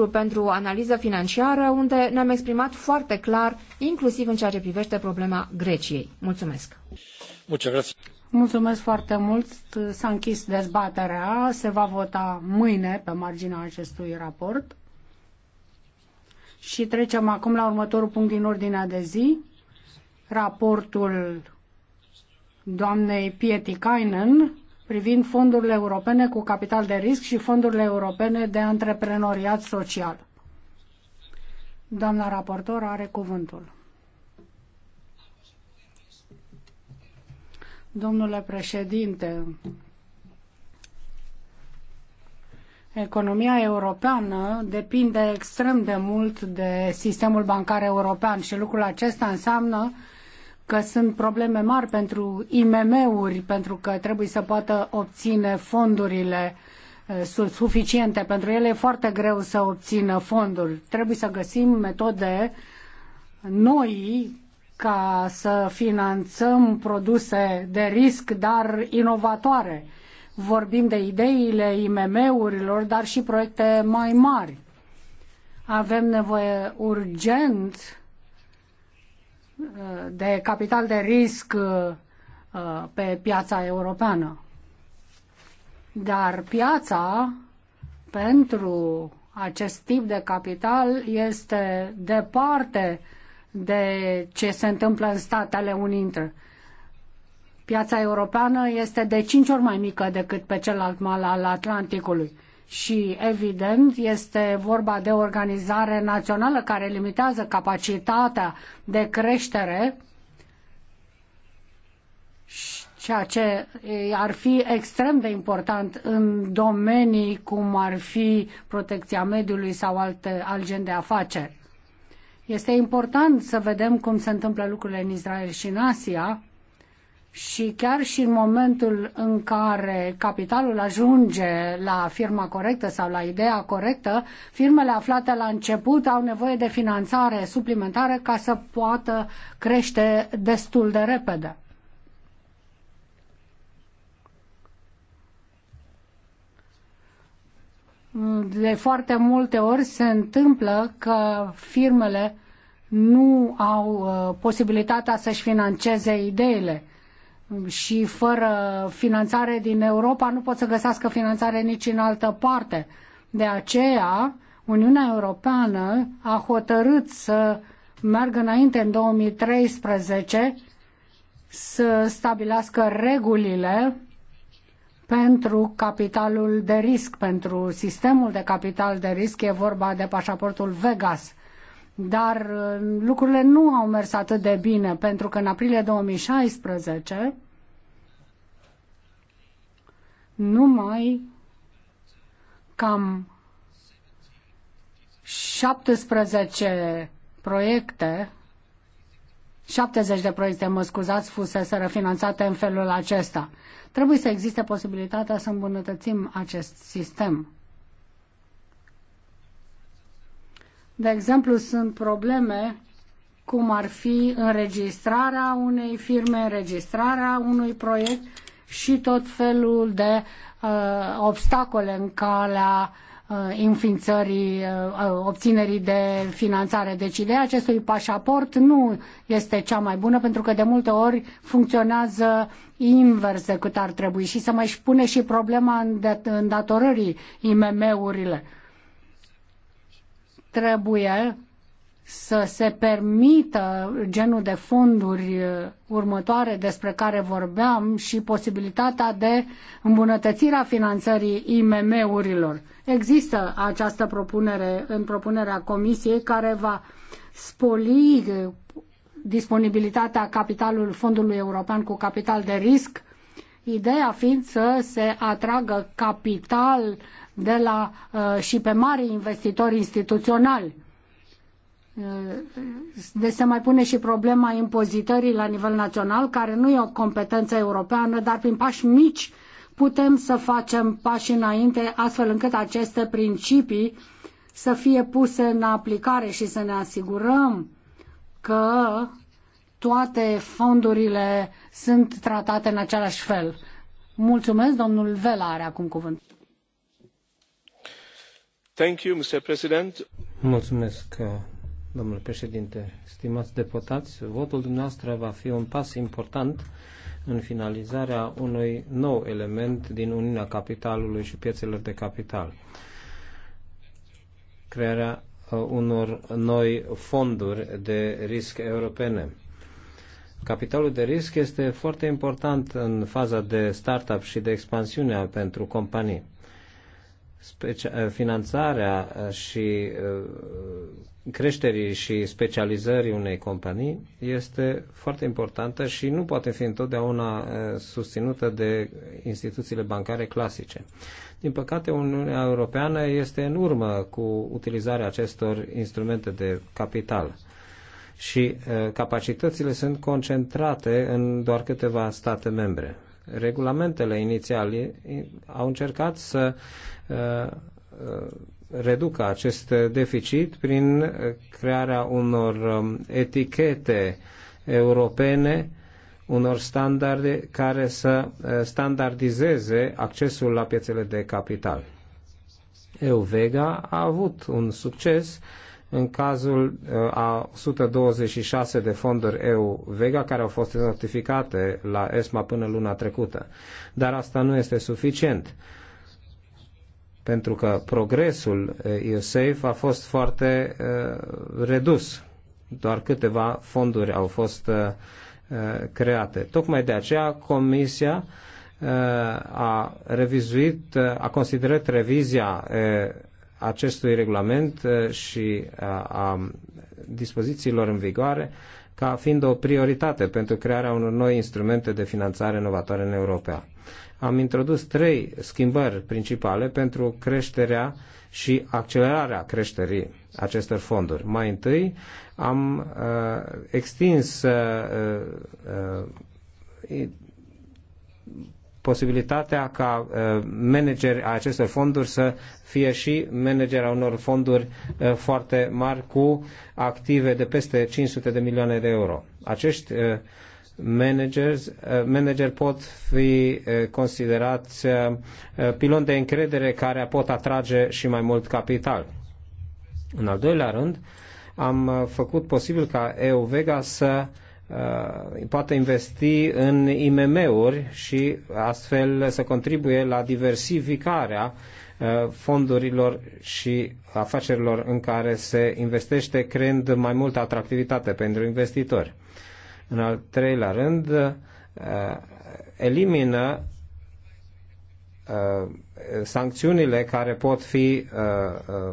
lucru pentru analiză financiară, unde ne-am exprimat foarte clar, inclusiv în ceea ce privește problema Greciei. Mulțumesc! Mulțumesc, Mulțumesc foarte mult! S-a închis dezbaterea, se va vota mâine pe marginea acestui raport. Și trecem acum la următorul punct din ordinea de zi, raportul doamnei Pieti Kainen, privind fondurile europene cu capital de risc și fondurile europene de antreprenoriat social. Doamna raportor are cuvântul. Domnule președinte, Economia europeană depinde extrem de mult de sistemul bancar european și lucrul acesta înseamnă că sunt probleme mari pentru IMM-uri, pentru că trebuie să poată obține fondurile eh, sunt suficiente. Pentru ele e foarte greu să obțină fonduri. Trebuie să găsim metode noi ca să finanțăm produse de risc, dar inovatoare. Vorbim de ideile IMM-urilor, dar și proiecte mai mari. Avem nevoie urgent de capital de risc uh, pe piața europeană. Dar piața pentru acest tip de capital este departe de ce se întâmplă în Statele Unite. Piața europeană este de cinci ori mai mică decât pe celălalt mal al Atlanticului și evident este vorba de o organizare națională care limitează capacitatea de creștere ceea ce ar fi extrem de important în domenii cum ar fi protecția mediului sau alte, alt gen de afaceri. Este important să vedem cum se întâmplă lucrurile în Israel și în Asia, și chiar și în momentul în care capitalul ajunge la firma corectă sau la ideea corectă, firmele aflate la început au nevoie de finanțare suplimentară ca să poată crește destul de repede. De foarte multe ori se întâmplă că firmele nu au uh, posibilitatea să-și financeze ideile și fără finanțare din Europa nu pot să găsească finanțare nici în altă parte. De aceea, Uniunea Europeană a hotărât să meargă înainte în 2013 să stabilească regulile pentru capitalul de risc, pentru sistemul de capital de risc, e vorba de pașaportul Vegas. Dar uh, lucrurile nu au mers atât de bine, pentru că în aprilie 2016 numai cam 17 proiecte 70 de proiecte, mă scuzați, fusese refinanțate în felul acesta. Trebuie să existe posibilitatea să îmbunătățim acest sistem. De exemplu, sunt probleme cum ar fi înregistrarea unei firme, înregistrarea unui proiect și tot felul de uh, obstacole în calea uh, înființării, uh, uh obținerii de finanțare. Deci ideea acestui pașaport nu este cea mai bună pentru că de multe ori funcționează invers decât ar trebui și să mai pune și problema îndatorării IMM-urile. Trebuie să se permită genul de fonduri uh, următoare despre care vorbeam și posibilitatea de îmbunătățirea finanțării IMM-urilor. Există această propunere în propunerea Comisiei care va spoli uh, disponibilitatea capitalului Fondului European cu capital de risc, ideea fiind să se atragă capital de la, uh, și pe mari investitori instituționali. Uh, de se mai pune și problema impozitării la nivel național, care nu e o competență europeană, dar prin pași mici putem să facem pași înainte, astfel încât aceste principii să fie puse în aplicare și să ne asigurăm că toate fondurile sunt tratate în același fel. Mulțumesc, domnul Vela are acum cuvânt. Mr. President. Mulțumesc, uh, domnule președinte. Stimați deputați, votul dumneavoastră va fi un pas important în finalizarea unui nou element din Uniunea Capitalului și piețelor de capital. Crearea uh, unor noi fonduri de risc europene. Capitalul de risc este foarte important în faza de startup și de expansiune pentru companii Eh, finanțarea eh, și eh, creșterii și specializării unei companii este foarte importantă și nu poate fi întotdeauna susținută de instituțiile bancare clasice. Din păcate, Uniunea Europeană este în urmă cu utilizarea acestor instrumente de capital și capacitățile sunt concentrate în doar câteva state membre regulamentele inițiale au încercat să uh, uh, reducă acest deficit prin crearea unor um, etichete europene, unor standarde care să uh, standardizeze accesul la piețele de capital. EUVEGA a avut un succes în cazul uh, a 126 de fonduri EU Vega care au fost notificate la ESMA până luna trecută. Dar asta nu este suficient pentru că progresul uh, EUSAFE a fost foarte uh, redus. Doar câteva fonduri au fost uh, uh create. Tocmai de aceea Comisia uh, a revizuit, a considerat revizia acestui regulament uh, și uh, a dispozițiilor în vigoare ca fiind o prioritate pentru crearea unor noi instrumente de finanțare inovatoare în Europa. Am introdus trei schimbări principale pentru creșterea și accelerarea creșterii acestor fonduri. Mai întâi am uh, extins uh, uh, uh posibilitatea ca uh, manageri a acestor fonduri să fie și manageri a unor fonduri uh, foarte mari cu active de peste 500 de milioane de euro. Acești uh, managers, manageri pot fi considerați pilon de încredere care pot atrage și mai mult capital. În al doilea rând, am făcut posibil ca Vega să uh, Uh, poate investi în IMM-uri și astfel să contribuie la diversificarea uh, fondurilor și afacerilor în care se investește, creând mai multă atractivitate pentru investitori. În al treilea rând, uh, elimină sancțiunile care pot fi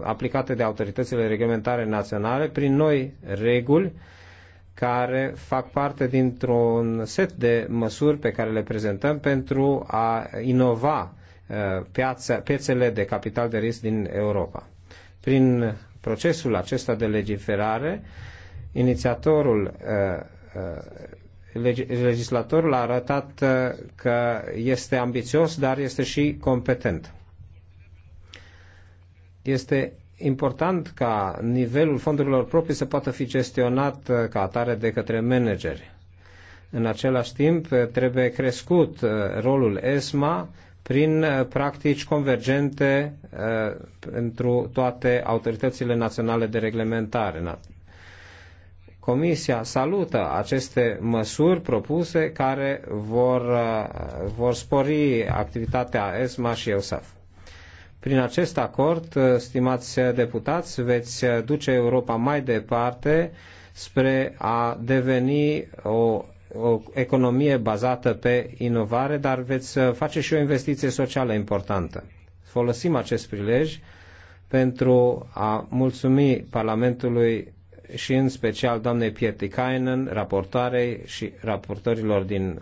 aplicate de autoritățile reglementare naționale prin noi reguli care fac parte dintr-un set de măsuri pe care le prezentăm pentru a inova uh, piațele piețele de capital de risc din Europa. Prin procesul acesta de legiferare, inițiatorul uh, uh, legislatorul a arătat că este ambițios, dar este și competent. Este important ca nivelul fondurilor proprii să poată fi gestionat uh, ca atare de către manageri. În același timp, uh, trebuie crescut uh, rolul ESMA prin practici convergente pentru toate autoritățile naționale de reglementare. Comisia salută aceste măsuri propuse care vor, vor spori activitatea ESMA și EUSAF. Prin acest acord, uh, stimați deputați, veți duce Europa mai departe spre a deveni o o economie bazată pe inovare, dar veți uh, face și o investiție socială importantă. Folosim acest prilej pentru a mulțumi Parlamentului și în special doamnei Pietikainen, raportoarei și raportorilor din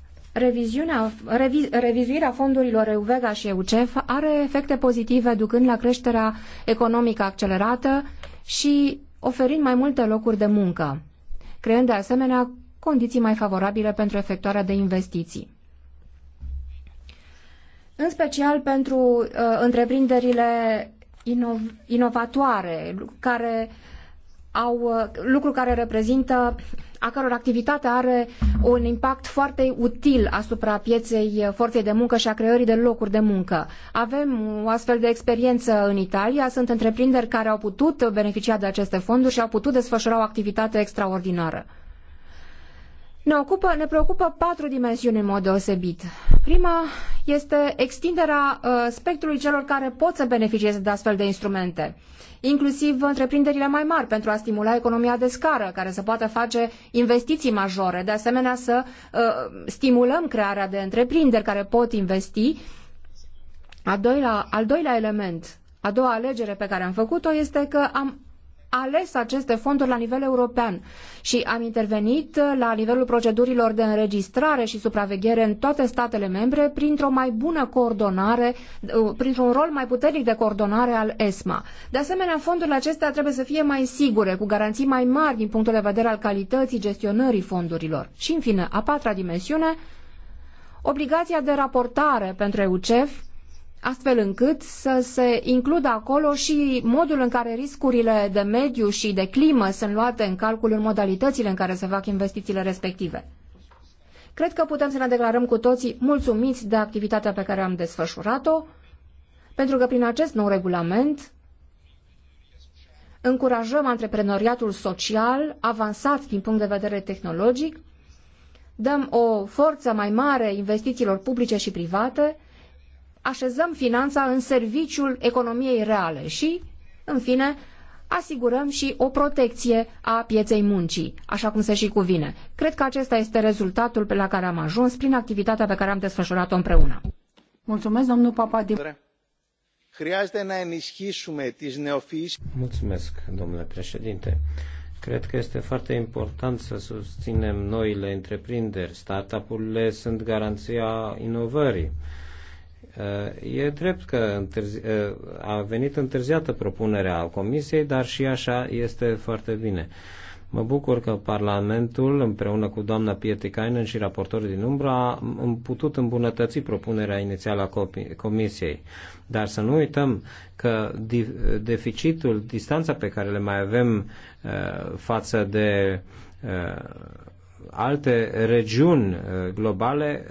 Reviziunea, revi, revizuirea fondurilor EUVEGA și EUCEF are efecte pozitive ducând la creșterea economică accelerată și oferind mai multe locuri de muncă, creând de asemenea condiții mai favorabile pentru efectuarea de investiții. În special pentru uh, întreprinderile inov- inovatoare, care uh, au uh, lucru care reprezintă a căror activitate are un impact foarte util asupra pieței uh, forței de muncă și a creării de locuri de muncă. Avem o astfel de experiență în Italia, sunt întreprinderi care au putut beneficia de aceste fonduri și au putut desfășura o activitate extraordinară. Ne, ocupă, ne preocupă patru dimensiuni în mod deosebit. Prima este extinderea uh, spectrului celor care pot să beneficieze de astfel de instrumente, inclusiv întreprinderile mai mari pentru a stimula economia de scară, care să poată face investiții majore, de asemenea să uh, stimulăm crearea de întreprinderi care pot investi. A doilea, al doilea element, a doua alegere pe care am făcut-o este că am ales aceste fonduri la nivel european și am intervenit la nivelul procedurilor de înregistrare și supraveghere în toate statele membre printr-o mai bună coordonare, uh, printr-un rol mai puternic de coordonare al ESMA. De asemenea, fondurile acestea trebuie să fie mai sigure, cu garanții mai mari din punctul de vedere al calității gestionării fondurilor. Și, în fine, a patra dimensiune, obligația de raportare pentru EUCEF astfel încât să se includă acolo și modul în care riscurile de mediu și de climă sunt luate în calcul în modalitățile în care se fac investițiile respective. Cred că putem să ne declarăm cu toții mulțumiți de activitatea pe care am desfășurat-o, pentru că prin acest nou regulament încurajăm antreprenoriatul social avansat din punct de vedere tehnologic, dăm o forță mai mare investițiilor publice și private, așezăm finanța în serviciul economiei reale și, în fine, asigurăm și o protecție a pieței muncii, așa cum se și cuvine. Cred că acesta este rezultatul pe la care am ajuns prin activitatea pe care am desfășurat-o împreună. Mulțumesc, domnul Papadim. Mulțumesc, domnule președinte. Cred că este foarte important să susținem noile întreprinderi. Startup-urile sunt garanția inovării E drept că a venit întârziată propunerea Comisiei, dar și așa este foarte bine. Mă bucur că Parlamentul, împreună cu doamna Pietikainen și raportorul din Umbra, a putut îmbunătăți propunerea inițială a Comisiei. Dar să nu uităm că deficitul, distanța pe care le mai avem față de alte regiuni globale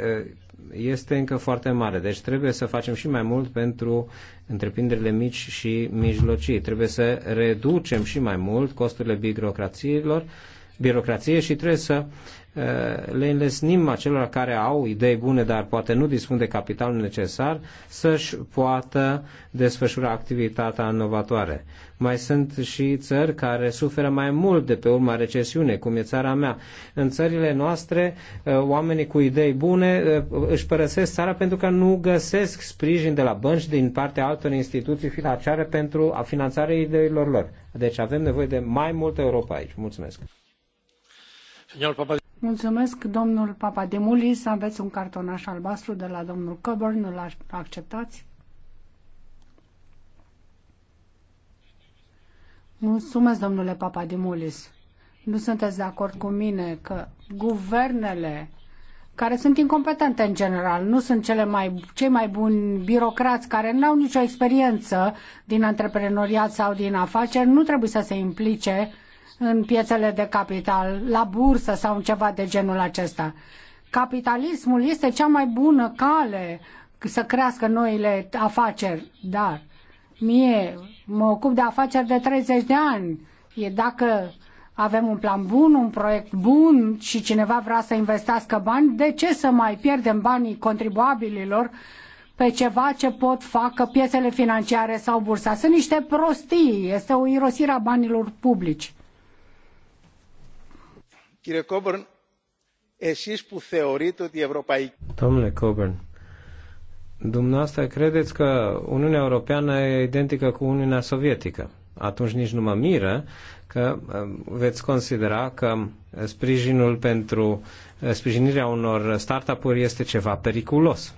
este încă foarte mare. Deci trebuie să facem și mai mult pentru întreprinderile mici și mijlocii. Trebuie să reducem și mai mult costurile birocrațiilor birocrație și trebuie să uh, le înlesnim acelor care au idei bune, dar poate nu dispun de capitalul necesar, să-și poată desfășura activitatea inovatoare. Mai sunt și țări care suferă mai mult de pe urma recesiunei, cum e țara mea. În țările noastre, uh, oamenii cu idei bune uh, își părăsesc țara pentru că nu găsesc sprijin de la bănci din partea altor instituții financiare pentru a finanțarea ideilor lor. Deci avem nevoie de mai multă Europa aici. Mulțumesc! Mulțumesc, domnul Papademulis. Aveți un cartonaș albastru de la domnul Coburn. Îl acceptați? Mulțumesc, domnule Papademulis. Nu sunteți de acord cu mine că guvernele care sunt incompetente în general, nu sunt cele mai, cei mai buni birocrați care nu au nicio experiență din antreprenoriat sau din afaceri, nu trebuie să se implice în piețele de capital, la bursă sau ceva de genul acesta. Capitalismul este cea mai bună cale să crească noile afaceri, dar mie mă ocup de afaceri de 30 de ani. E dacă avem un plan bun, un proiect bun și cineva vrea să investească bani, de ce să mai pierdem banii contribuabililor pe ceva ce pot facă piețele financiare sau bursa? Sunt niște prostii, este o irosire a banilor publici. Domnule Coburn, dumneavoastră credeți că Uniunea Europeană e identică cu Uniunea Sovietică. Atunci nici nu mă miră că um, veți considera că um, sprijinul pentru uh, sprijinirea unor startup-uri este ceva periculos.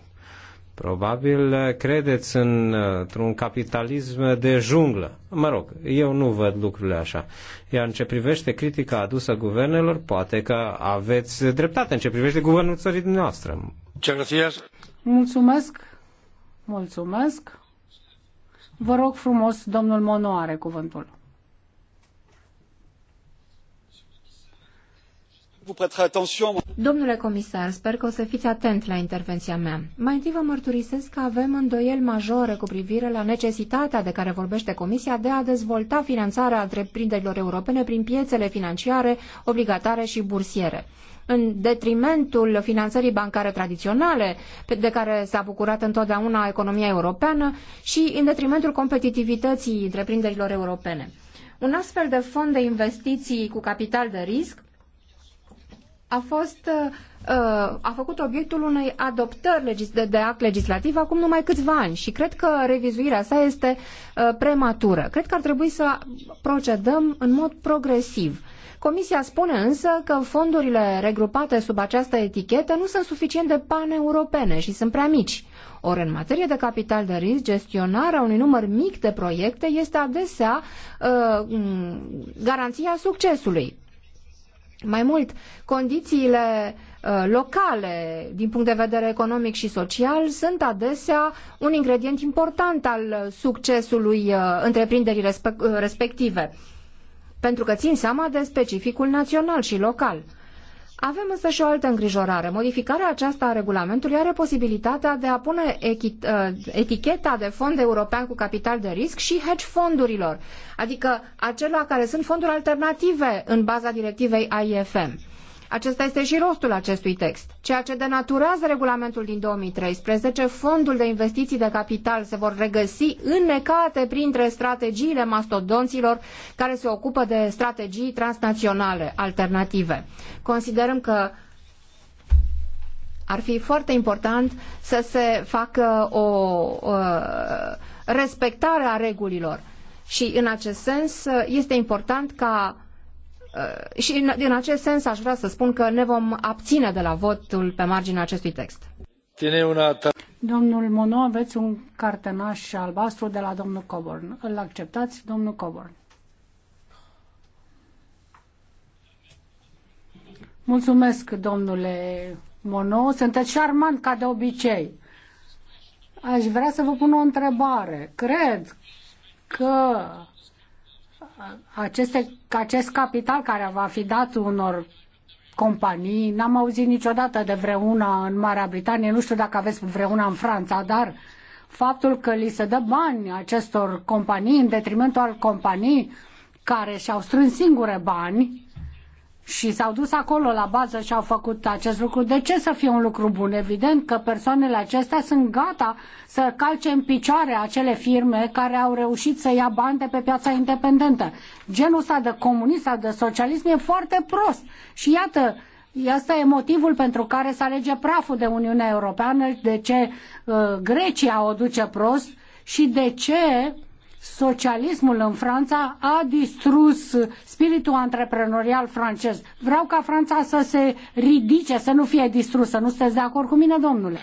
Probabil uh, credeți în, uh, într-un capitalism de junglă. Mă rog, eu nu văd lucrurile așa. Iar în ce privește critica adusă guvernelor, poate că aveți dreptate în ce privește guvernul țării noastre. Mulțumesc. Mulțumesc. Vă rog frumos, domnul Mono are cuvântul. Domnule comisar, sper că o să fiți atent la intervenția mea. Mai întâi vă mărturisesc că avem îndoieli majore cu privire la necesitatea de care vorbește Comisia de a dezvolta finanțarea întreprinderilor europene prin piețele financiare, obligatare și bursiere în detrimentul finanțării bancare tradiționale de care s-a bucurat întotdeauna economia europeană și în detrimentul competitivității întreprinderilor europene. Un astfel de fond de investiții cu capital de risc a fost uh, a făcut obiectul unei adoptări de act legislativ acum numai câțiva ani și cred că revizuirea sa este uh, prematură. Cred că ar trebui să procedăm în mod progresiv. Comisia spune însă că fondurile regrupate sub această etichetă nu sunt suficient de paneuropene și sunt prea mici. Ori în materie de capital de risc, gestionarea unui număr mic de proiecte este adesea uh, garanția succesului. Mai mult, condițiile uh, locale, din punct de vedere economic și social, sunt adesea un ingredient important al succesului uh, întreprinderii uh, respective, pentru că țin seama de specificul național și local. Avem însă și o altă îngrijorare. Modificarea aceasta a regulamentului are posibilitatea de a pune uh, eticheta de fond european cu capital de risc și hedge fondurilor, adică acelor care sunt fonduri alternative în baza directivei AIFM. Acesta este și rostul acestui text. Ceea ce denaturează regulamentul din 2013, fondul de investiții de capital se vor regăsi înnecate printre strategiile mastodonților care se ocupă de strategii transnaționale alternative. Considerăm că ar fi foarte important să se facă o, o respectare a regulilor. Și în acest sens este important ca Uh, și în acest sens aș vrea să spun că ne vom abține de la votul pe marginea acestui text. Tine una ta. Domnul Mono, aveți un cartenaș albastru de la domnul Coburn. Îl acceptați, domnul Coburn? Mulțumesc, domnule Mono. Sunteți șarmant ca de obicei. Aș vrea să vă pun o întrebare. Cred că aceste, acest capital care va fi dat unor companii, n-am auzit niciodată de vreuna în Marea Britanie, nu știu dacă aveți vreuna în Franța, dar faptul că li se dă bani acestor companii în detrimentul al companii care și-au strâns singure bani și s-au dus acolo la bază și au făcut acest lucru, de ce să fie un lucru bun? Evident că persoanele acestea sunt gata să calce în picioare acele firme care au reușit să ia bani de pe piața independentă. Genul ăsta de comunism sau de socialism e foarte prost. Și iată, Asta e motivul pentru care se alege praful de Uniunea Europeană, de ce uh, Grecia o duce prost și de ce socialismul în Franța a distrus spiritul antreprenorial francez. Vreau ca Franța să se ridice, să nu fie distrusă. Nu sunteți de acord cu mine, domnule?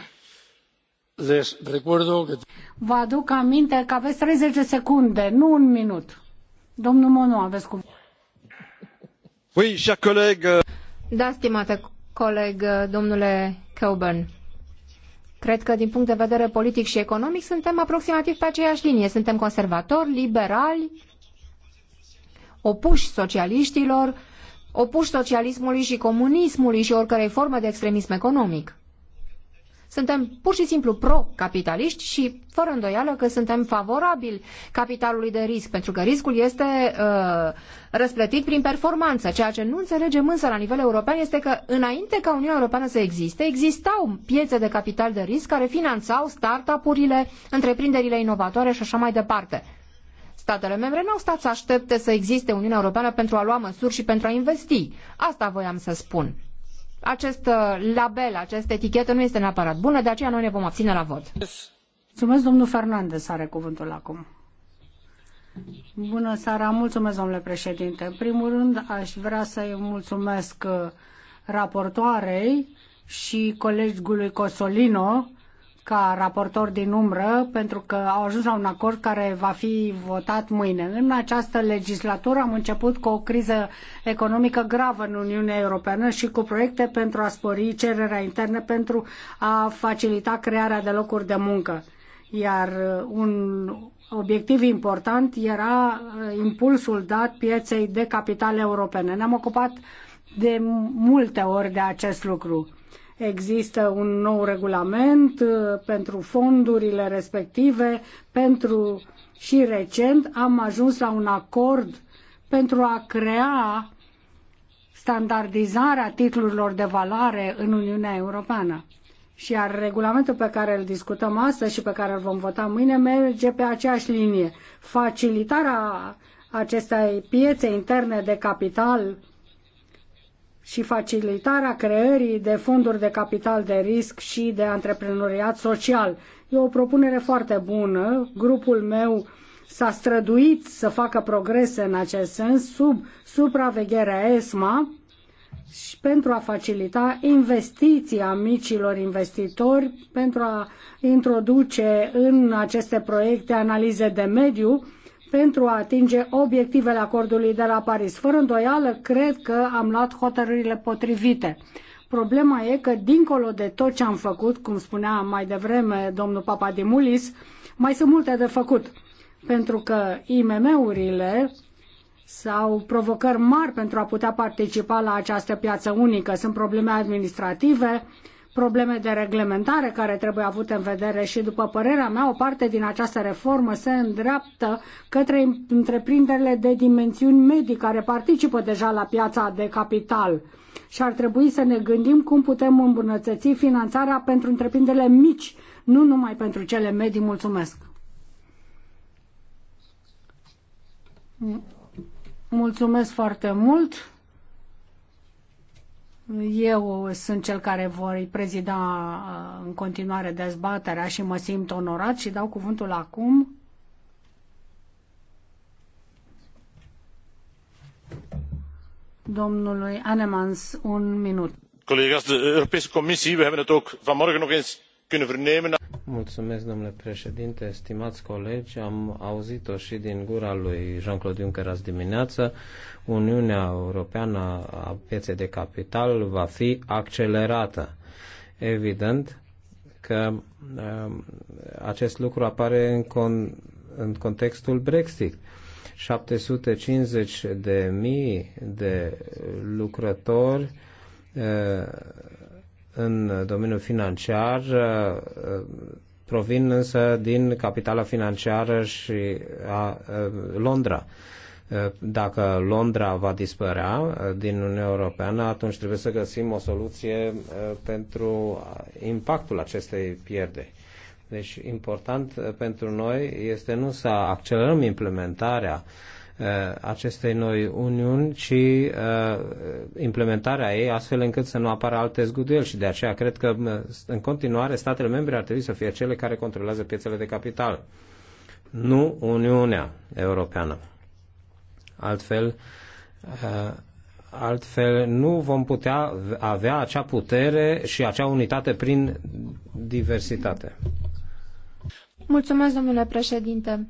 Les deci, recuerdo că... Vă aduc aminte că aveți 30 secunde, nu un minut. Domnul Monu, aveți cum. Oui, cher coleg. Da, stimate coleg, domnule Coburn Cred că din punct de vedere politic și economic suntem aproximativ pe aceeași linie. Suntem conservatori, liberali, opuși socialiștilor, opuși socialismului și comunismului și oricărei forme de extremism economic. Suntem pur și simplu pro-capitaliști și fără îndoială că suntem favorabili capitalului de risc, pentru că riscul este uh, răsplătit prin performanță. Ceea ce nu înțelegem însă la nivel european este că înainte ca Uniunea Europeană să existe, existau piețe de capital de risc care finanțau startup-urile, întreprinderile inovatoare și așa mai departe. Statele membre nu au stat să aștepte să existe Uniunea Europeană pentru a lua măsuri și pentru a investi. Asta voiam să spun acest uh, label, această etichetă nu este neapărat bună, de aceea noi ne vom abține la vot. Mulțumesc, domnul Fernandez are cuvântul acum. Bună seara, mulțumesc, domnule președinte. În primul rând, aș vrea să-i mulțumesc uh, raportoarei și colegului Cosolino ca raportor din umbră pentru că au ajuns la un acord care va fi votat mâine. În această legislatură am început cu o criză economică gravă în Uniunea Europeană și cu proiecte pentru a spori cererea internă pentru a facilita crearea de locuri de muncă. Iar uh, un obiectiv important era uh, impulsul dat pieței de capitale europene. Ne-am ocupat de multe ori de acest lucru Există un nou regulament uh, pentru fondurile respective, pentru și recent am ajuns la un acord pentru a crea standardizarea titlurilor de valoare în Uniunea Europeană. Și iar regulamentul pe care îl discutăm astăzi și pe care îl vom vota mâine merge pe aceeași linie. Facilitarea acestei piețe interne de capital și facilitarea creării de fonduri de capital de risc și de antreprenoriat social. E o propunere foarte bună. Grupul meu s-a străduit să facă progrese în acest sens sub supravegherea ESMA și pentru a facilita investiția micilor investitori, pentru a introduce în aceste proiecte analize de mediu pentru a atinge obiectivele acordului de la Paris. Fără îndoială, cred că am luat hotărârile potrivite. Problema e că, dincolo de tot ce am făcut, cum spunea mai devreme domnul Papadimulis, mai sunt multe de făcut, pentru că IMM-urile sau provocări mari pentru a putea participa la această piață unică. Sunt probleme administrative, probleme de reglementare care trebuie avute în vedere și, după părerea mea, o parte din această reformă se îndreaptă către întreprinderile de dimensiuni medii care participă deja la piața de capital și ar trebui să ne gândim cum putem îmbunătăți finanțarea pentru întreprinderile mici, nu numai pentru cele medii. Mulțumesc! Mulțumesc foarte mult! Eu sunt cel care voi prezida uh, în continuare dezbaterea și mă simt onorat și dau cuvântul acum domnului Anemans un minut. Collega's, de Europese Commissie, we hebben het ook vanmorgen nog eens kunnen vernemen. Mulțumesc, domnule președinte, stimați colegi. Am auzit-o și din gura lui Jean-Claude Juncker azi dimineață. Uniunea Europeană a pieței de capital va fi accelerată. Evident că um, acest lucru apare în, con- în contextul Brexit. 750 de mii de lucrători uh, în domeniul financiar uh, provin însă din capitala financiară și a uh, Londra. Uh, dacă Londra va dispărea din Uniunea Europeană, atunci trebuie să găsim o soluție pentru impactul acestei pierderi. Deci important pentru noi este nu să accelerăm implementarea uh, Uh, acestei noi uniuni, ci uh, implementarea ei, astfel încât să nu apară alte zguduieli și de aceea cred că uh, în continuare statele membre ar trebui să fie cele care controlează piețele de capital, nu Uniunea Europeană. Altfel, altfel nu vom putea avea acea putere și acea unitate prin diversitate. Mulțumesc, domnule președinte.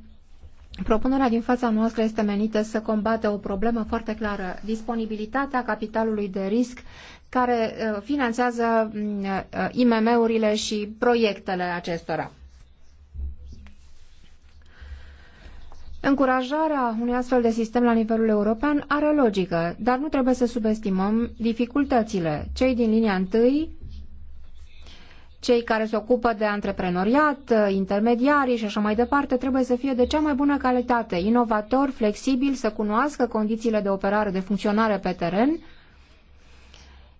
Propunerea din fața noastră este menită să combată o problemă foarte clară, disponibilitatea capitalului de risc care uh, finanțează mm, uh, IMM-urile și proiectele acestora. Încurajarea unui astfel de sistem la nivelul european are logică, dar nu trebuie să subestimăm dificultățile. Cei din linia întâi cei care se ocupă de antreprenoriat, intermediarii și așa mai departe, trebuie să fie de cea mai bună calitate, inovator, flexibil, să cunoască condițiile de operare, de funcționare pe teren,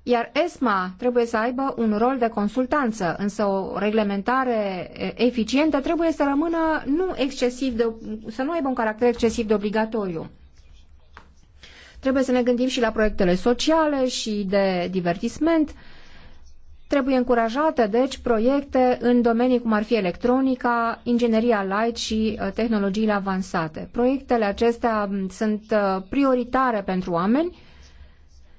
iar ESMA trebuie să aibă un rol de consultanță, însă o reglementare eficientă trebuie să rămână nu excesiv de, să nu aibă un caracter excesiv de obligatoriu. Trebuie să ne gândim și la proiectele sociale și de divertisment, Trebuie încurajate, deci, proiecte în domenii cum ar fi electronica, ingineria light și uh, tehnologiile avansate. Proiectele acestea sunt uh, prioritare pentru oameni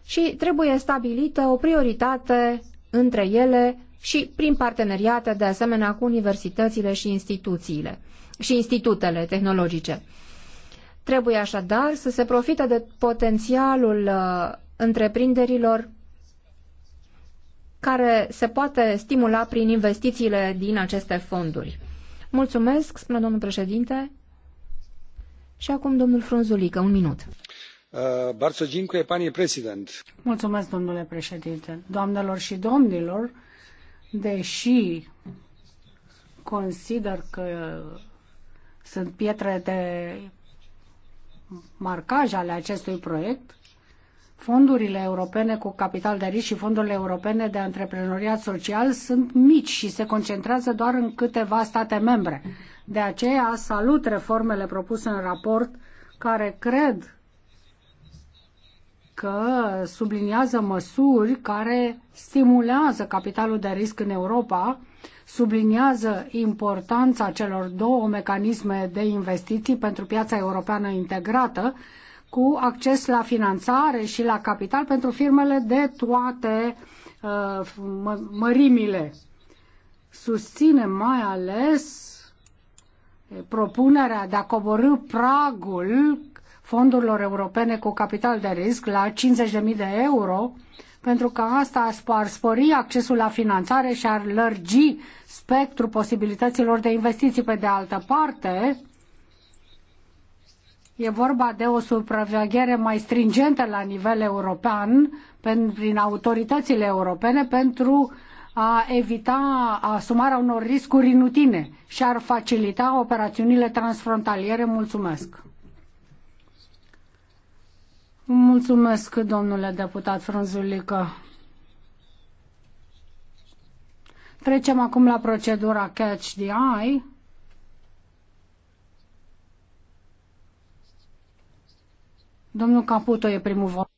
și trebuie stabilită o prioritate între ele și prin parteneriate, de asemenea, cu universitățile și instituțiile și institutele tehnologice. Trebuie așadar să se profite de potențialul uh, întreprinderilor care se poate stimula prin investițiile din aceste fonduri. Mulțumesc, spune domnul președinte. Și acum domnul Frunzulică, un minut. Uh, Mulțumesc, domnule președinte. Doamnelor și domnilor, deși consider că sunt pietre de marcaj ale acestui proiect, Fondurile europene cu capital de risc și fondurile europene de antreprenoriat social sunt mici și se concentrează doar în câteva state membre. De aceea salut reformele propuse în raport care cred că subliniază măsuri care stimulează capitalul de risc în Europa, subliniază importanța celor două mecanisme de investiții pentru piața europeană integrată cu acces la finanțare și la capital pentru firmele de toate uh, mă, mărimile. Susține mai ales propunerea de a coborâ pragul fondurilor europene cu capital de risc la 50.000 de euro, pentru că asta ar spori accesul la finanțare și ar lărgi spectrul posibilităților de investiții. Pe de altă parte, E vorba de o supraveghere mai stringentă la nivel european, prin autoritățile europene, pentru a evita asumarea unor riscuri inutile și ar facilita operațiunile transfrontaliere. Mulțumesc! Mulțumesc, domnule deputat Frunzulică. Trecem acum la procedura Catch the Eye. Domnul Caputo e primul vot.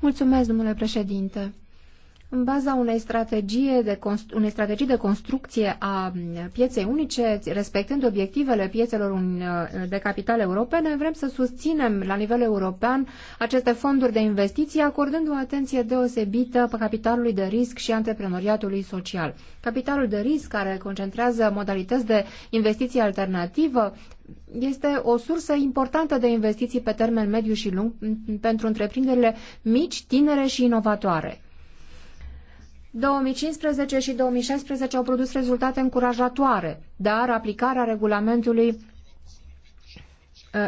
Mulțumesc, domnule președinte. În baza unei strategii de, unei strategii de construcție a pieței unice, respectând obiectivele piețelor de capital europene, vrem să susținem la nivel european aceste fonduri de investiții, acordând o atenție deosebită pe capitalului de risc și antreprenoriatului social. Capitalul de risc, care concentrează modalități de investiție alternativă, este o sursă importantă de investiții pe termen mediu și lung pentru întreprinderile mici, tinere și inovatoare. 2015 și 2016 au produs rezultate încurajatoare, dar aplicarea regulamentului uh,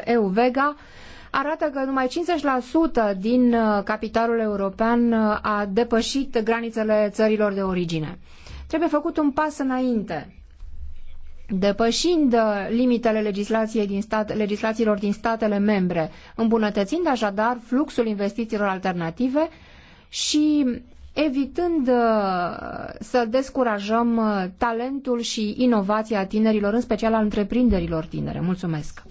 EU-VEGA arată că numai 50% din uh, capitalul european uh, a depășit granițele țărilor de origine. Trebuie făcut un pas înainte. Depășind limitele legislației din stat, legislațiilor din statele membre, îmbunătățind așadar fluxul investițiilor alternative și evitând uh, să descurajăm uh, talentul și inovația tinerilor, în special al întreprinderilor tinere. Mulțumesc!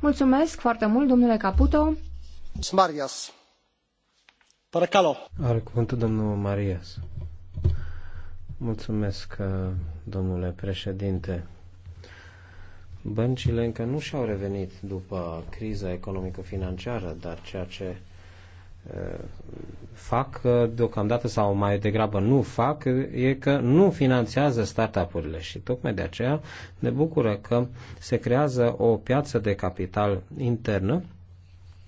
Mulțumesc foarte mult, domnule Caputo! Marias. Paracalo. Are cuvântul domnul Marias. Mulțumesc, uh, domnule președinte. Băncile încă nu și-au revenit după criza economică-financiară, dar ceea ce fac deocamdată sau mai degrabă nu fac e că nu finanțează startup-urile și tocmai de aceea ne bucură că se creează o piață de capital internă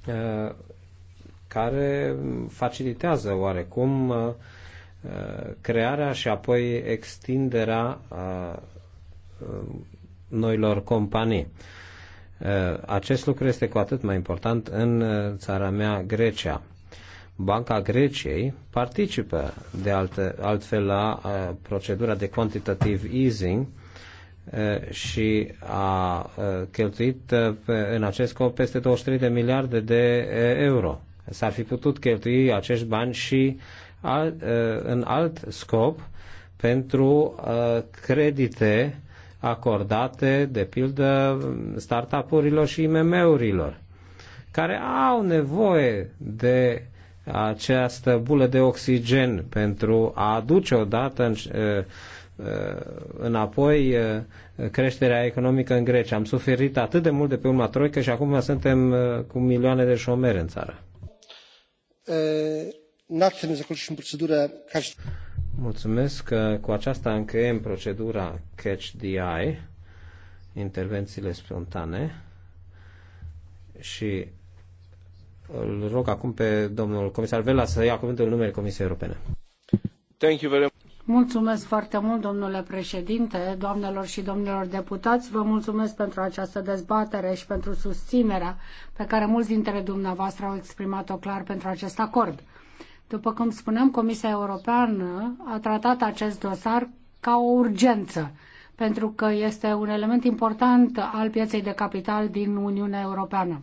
uh, care facilitează oarecum uh, crearea și apoi extinderea uh, noilor companii. Acest lucru este cu atât mai important în țara mea, Grecia. Banca Greciei participă de altă, altfel la uh, procedura de quantitative easing uh, și a uh, cheltuit uh, în acest scop peste 23 de miliarde de uh, euro. S-ar fi putut cheltui acești bani și al, uh, în alt scop pentru uh, credite acordate, de pildă, startup-urilor și IMM-urilor, care au nevoie de această bulă de oxigen pentru a aduce odată în, eh, eh, înapoi eh, creșterea economică în Grecia. Am suferit atât de mult de pe urma troică și acum suntem cu milioane de șomeri în țară. Mulțumesc că cu aceasta încheiem procedura Catch the Eye, intervențiile spontane și îl rog acum pe domnul comisar Vela să ia cuvântul în numele Comisiei Europene. Thank you very much. Mulțumesc foarte mult, domnule președinte, doamnelor și domnilor deputați. Vă mulțumesc pentru această dezbatere și pentru susținerea pe care mulți dintre dumneavoastră au exprimat-o clar pentru acest acord. După cum spuneam, Comisia Europeană a tratat acest dosar ca o urgență, pentru că este un element important al pieței de capital din Uniunea Europeană.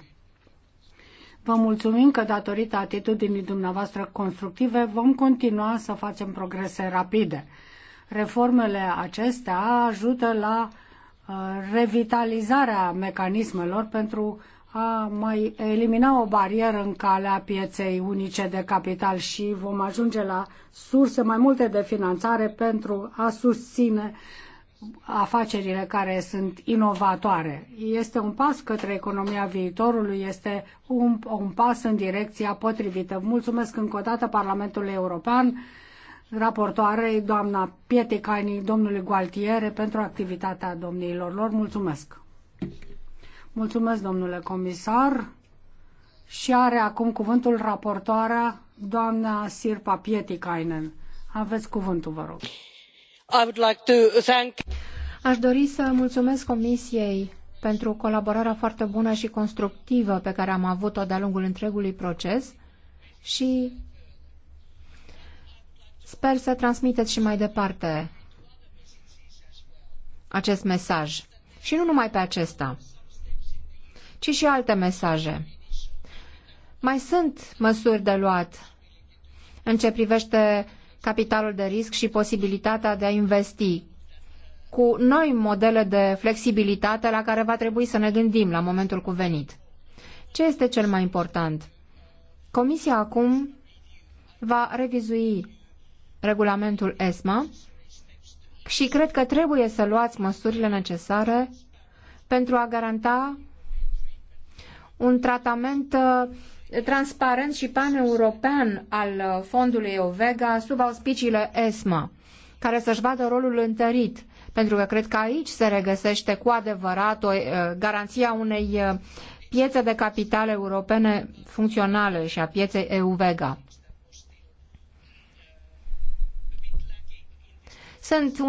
Vă mulțumim că datorită atitudinii dumneavoastră constructive vom continua să facem progrese rapide. Reformele acestea ajută la uh, revitalizarea mecanismelor pentru a mai elimina o barieră în calea pieței unice de capital și vom ajunge la surse mai multe de finanțare pentru a susține uh, afacerile care sunt inovatoare. Este un pas către economia viitorului, este un, un pas în direcția potrivită. Mulțumesc încă o dată Parlamentului European, raportoarei doamna Pietecani, domnului Gualtiere, pentru activitatea domniilor lor. Mulțumesc! Mulțumesc, domnule comisar! Și are acum cuvântul raportoarea doamna Sirpa Pietikainen. Aveți cuvântul, vă rog. Aș dori să mulțumesc Comisiei pentru colaborarea foarte bună și constructivă pe care am avut-o de-a lungul întregului proces și sper să transmiteți și mai departe acest mesaj. Și nu numai pe acesta, ci și alte mesaje. Mai sunt măsuri de luat în ce privește capitalul de risc și posibilitatea de a investi cu noi modele de flexibilitate la care va trebui să ne gândim la momentul cuvenit. Ce este cel mai important? Comisia acum va revizui regulamentul ESMA și cred că trebuie să luați măsurile necesare pentru a garanta un tratament uh, transparent și pan-european al uh, fondului Euvega sub auspiciile ESMA, care să-și vadă rolul întărit, pentru că cred că aici se regăsește cu adevărat o uh, garanția unei uh, piețe de capital europene funcționale și a pieței Euvega. Sunt un